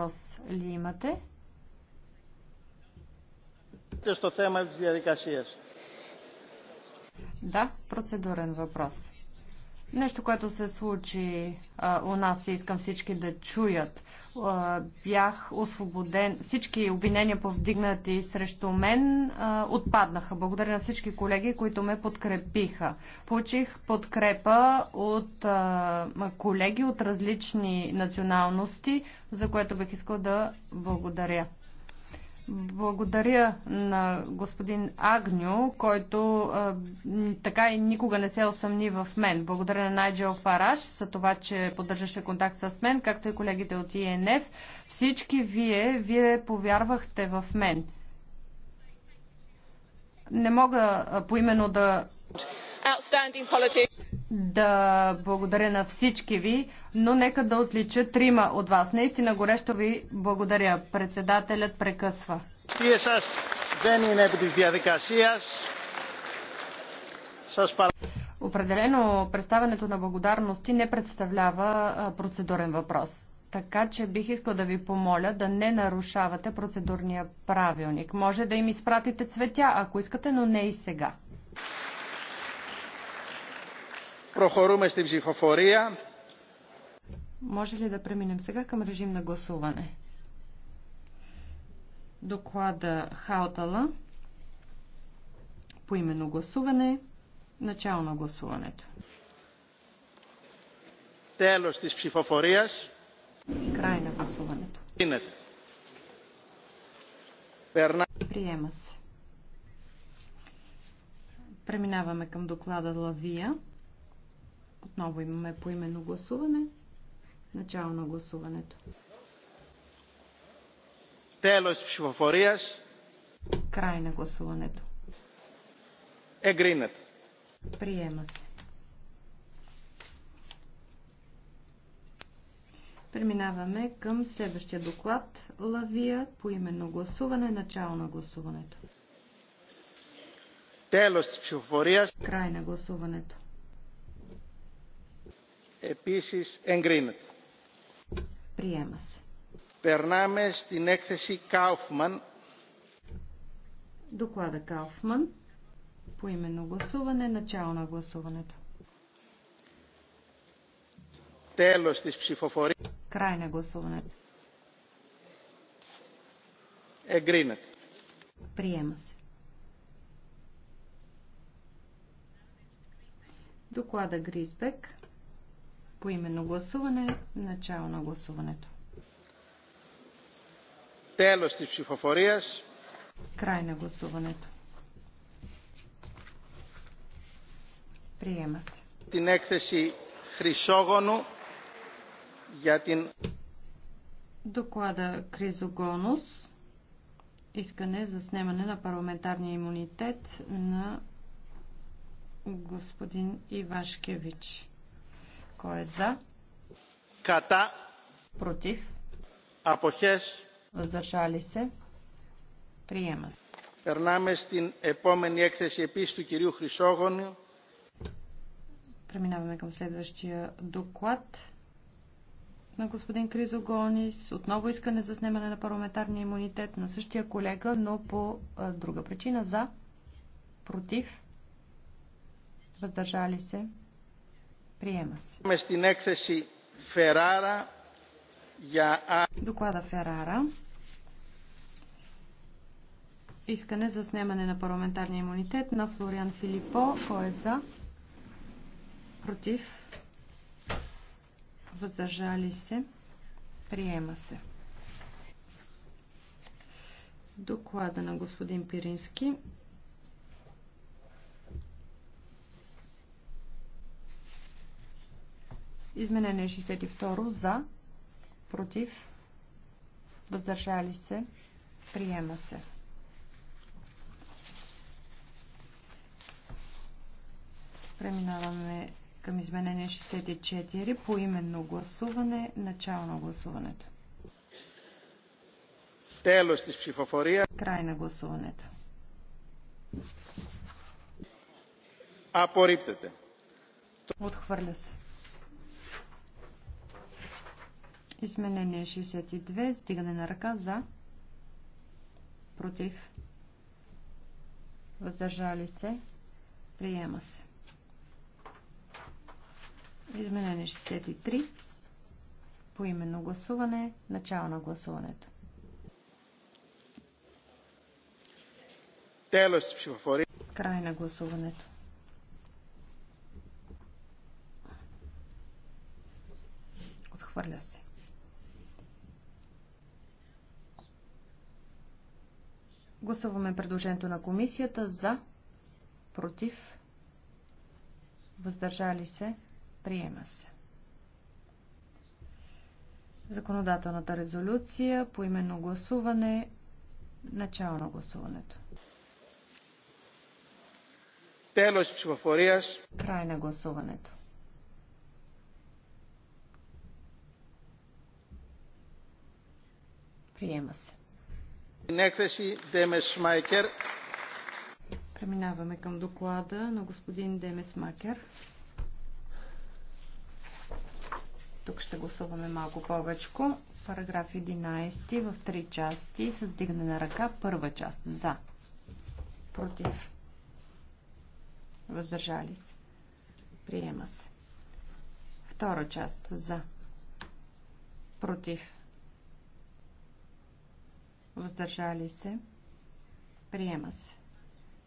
въпрос ли имате? Е, е да, процедурен въпрос. Нещо, което се случи а, у нас и искам всички да чуят. А, бях освободен. Всички обвинения повдигнати срещу мен а, отпаднаха. Благодаря на всички колеги, които ме подкрепиха. Получих подкрепа от а, колеги от различни националности, за което бих искал да благодаря. Благодаря на господин Агню, който а, така и никога не се осъмни в мен. Благодаря на Найджел Фараш за това, че поддържаше контакт с мен, както и колегите от ИНФ. Всички вие, вие повярвахте в мен. Не мога поименно да да благодаря на всички ви, но нека да отлича трима от вас. Наистина горещо ви благодаря. Председателят прекъсва. Определено представянето на благодарности не представлява процедурен въпрос. Така че бих искал да ви помоля да не нарушавате процедурния правилник. Може да им изпратите цветя, ако искате, но не и сега στην ψηφοφορία. Е Може ли да преминем сега към режим на гласуване? Доклада Хаутала по именно гласуване, начало на гласуването. Τέλος της ψηφοφορίας. Край на гласуването. Приема се. Преминаваме към доклада Лавия. Отново имаме поименно гласуване. Начало на гласуването. Телос ψηφοφορίας. Край на гласуването. Εγκρίνεται. Приема се. Преминаваме към следващия доклад. Лавия по именно гласуване. Начало на гласуването. Телос ψηφοφορίας. Край на гласуването. Επίσης εγκρίνεται. Приема се. Περνάμε στην έκθεση Κάουφμαν. Доклада Кауфман. Поименно гласуване. Начало на гласуването. Τέλος της ψηφοφορίας. Край на Εγκρίνεται. Приема се. Доклада Гризбек. По именно гласуване, начало на гласуването. Телос ти ψηφοφορίας. Край на гласуването. Приема се. Την έκθεση Χρυσόγονου για την... Доклада Кризогонус. Искане за снемане на парламентарния имунитет на господин Ивашкевич. Кой е за? Ката. Против. Апохес. Въздържали се. Приема се. Περνάμε στην επόμενη έκθεση επίσης του κυρίου Χρυσόγονου. Преминаваме към следващия доклад на господин Кризогонис. Отново искане за снемане на парламентарния имунитет на същия колега, но по друга причина за, против, въздържали се. Приема се. Доклада Ферара. Искане за снемане на парламентарния имунитет на Флориан Филипо. Кой е за? Против? Въздържали се? Приема се. Доклада на господин Пирински. Изменение 62 за, против, въздържали се, приема се. Преминаваме към изменение 64 по именно гласуване, начало на гласуването. Телос της ψηφοφορία. Край на гласуването. Απορρίπτεται. Отхвърля се. Изменение 62. Стигане на ръка за. Против. Въздържали се. Приема се. Изменение 63. Поименно гласуване. Начало на гласуването. Край на гласуването. Отхвърля се. Гласуваме предложението на комисията за, против, въздържали се, приема се. Законодателната резолюция по именно гласуване, начало на гласуването. Телос психофорияс. Край на гласуването. Приема се. Преминаваме към доклада на господин Демесмакер. Тук ще гласуваме малко повече. Параграф 11 в три части с дигане на ръка. Първа част за. Против. Въздържали се. Приема се. Втора част за. Против въздържали се, приема се.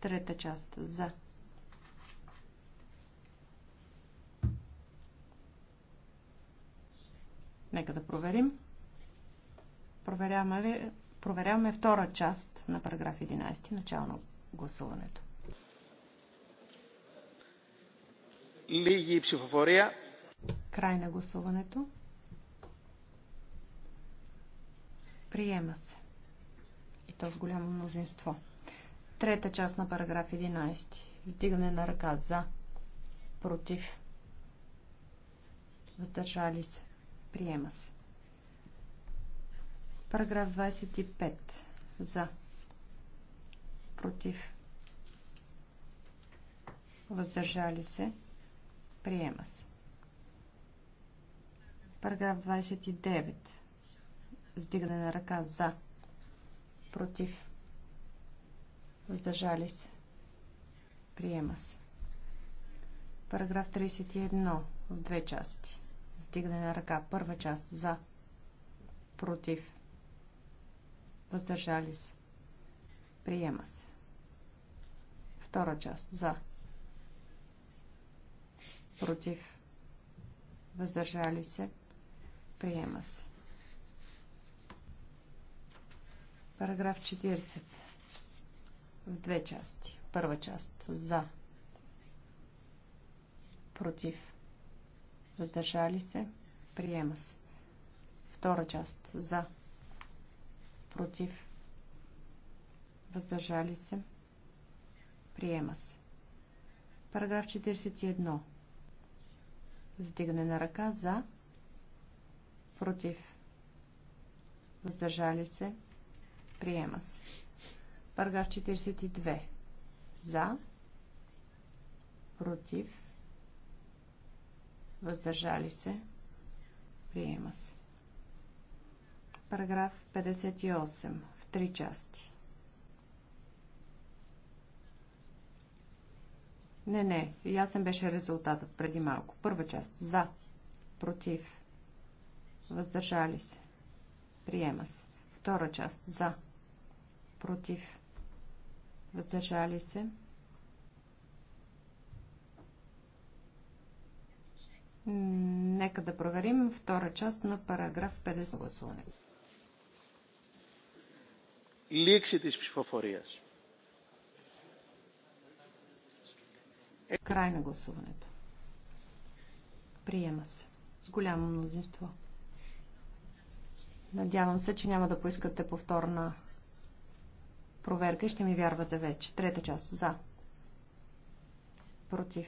Трета част за. Нека да проверим. Проверяваме, проверяваме втора част на параграф 11, Начално гласуването. Лиги и психофория. Край на гласуването. Приема се то с голямо мнозинство. Трета част на параграф 11. Вдигане на ръка за, против, въздържали се, приема се. Параграф 25. За, против, въздържали се, приема се. Параграф 29. Сдигане на ръка за, Против. Въздържали се. Приема се. Параграф 31 в две части. Сдигане на ръка. Първа част за. Против. Въздържали се. Приема се. Втора част за. Против. Въздържали се. Приема се. Параграф 40. В две части. Първа част. За. Против. Въздържали се. Приема се. Втора част. За. Против. Въздържали се. Приема се. Параграф 41. Сдигане на ръка. За. Против. Въздържали се. Приема се. Параграф 42. За. Против. Въздържали се. Приема се. Параграф 58. В три части. Не, не. Ясен беше резултатът преди малко. Първа част. За. Против. Въздържали се. Приема се. Втора част. За против, въздържали се. Нека да проверим втора част на параграф 50 гласуване. Λήξη της ψηφοφορίας. Край на гласуването. Приема се. С голямо мнозинство. Надявам се, че няма да поискате повторна проверка и ще ми вярвате вече. Трета част. За. Против.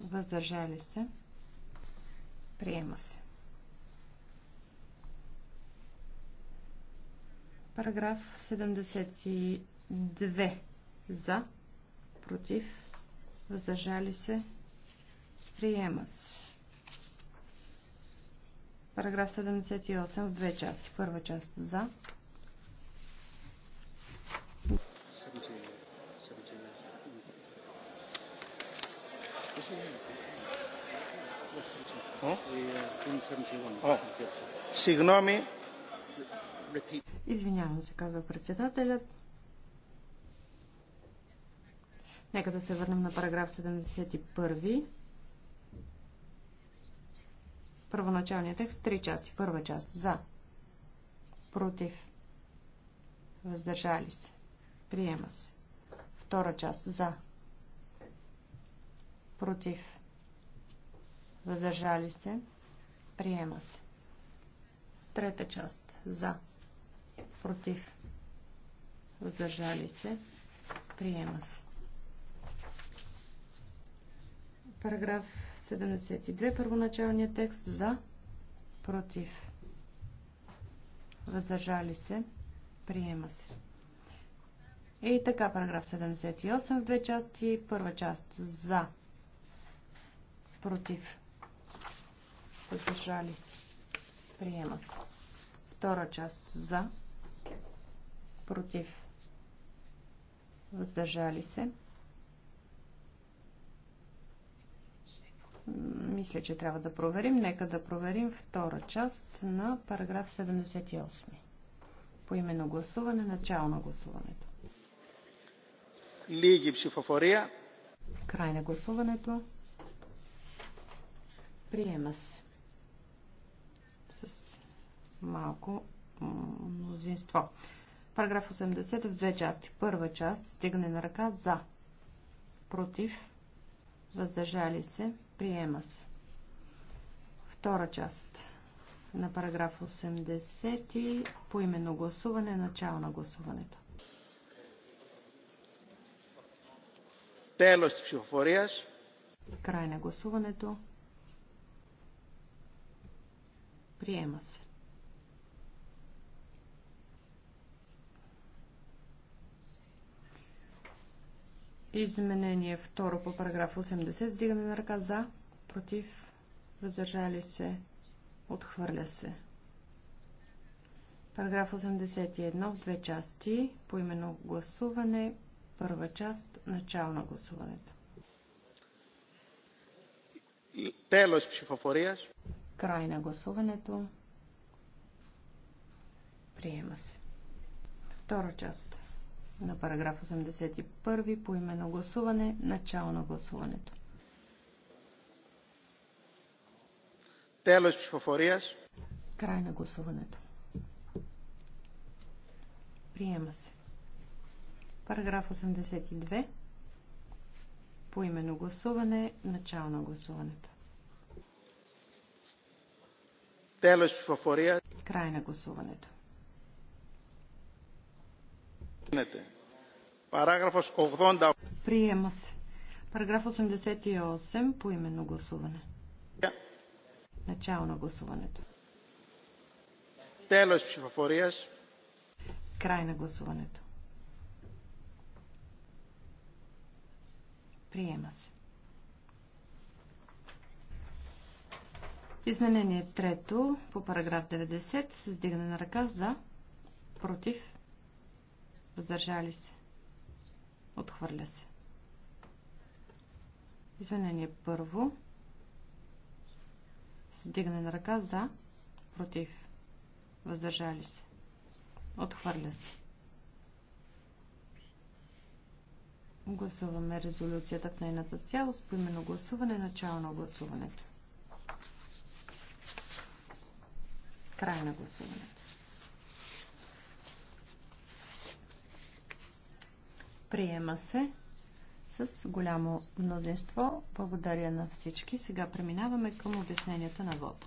Въздържали се. Приема се. Параграф 72. За. Против. Въздържали се. Приема се. Параграф 78 в две части. Първа част за. Сигноми. Извинявам се, казва председателят. Нека да се върнем на параграф 71. Първоначалният текст, три части. Първа част за, против, въздържали се, приема се. Втора част за, против, въздържали се, приема се. Трета част за, против, въздържали се, приема се. Параграф 72, първоначалният текст за, против, въздържали се, приема се. И така, параграф 78 в две части. Първа част за, Против. Въздържали се. Приема се. Втора част за. Против. Въздържали се. Мисля, че трябва да проверим. Нека да проверим втора част на параграф 78. По именно гласуване, начало на гласуването. Лиги психофория. Край на гласуването. Приема се. С малко мнозинство. Параграф 80 в две части. Първа част стигане на ръка за. Против. Въздържали се. Приема се. Втора част на параграф 80 и по именно гласуване, начало на гласуването. Телос психофорияш. Край на гласуването. Приема се. Изменение второ по параграф 80. Сдигане на ръка за, против, въздържали се, отхвърля се. Параграф 81 в две части. По именно гласуване. Първа част. Начало на гласуването. Телос психофорияш. Край на гласуването. Приема се. Втора част на параграф 81 по именно гласуване, начало на гласуването. Телос ψηφοφορίας. Край на гласуването. Приема се. Параграф 82. По именно гласуване, начало на гласуването. Край на гласуването. 80. Приема се. Параграф 88 по именно гласуване. Начало на гласуването. Край на гласуването. Приема се. Изменение трето по параграф 90 с дигане на ръка за, против, въздържали се, отхвърля се. Изменение първо с дигане на ръка за, против, въздържали се, отхвърля се. Гласуваме резолюцията в нейната цялост по именно гласуване, начало на гласуването. Край на гласуването. Приема се с голямо мнозинство. Благодаря на всички. Сега преминаваме към обясненията на ВОП.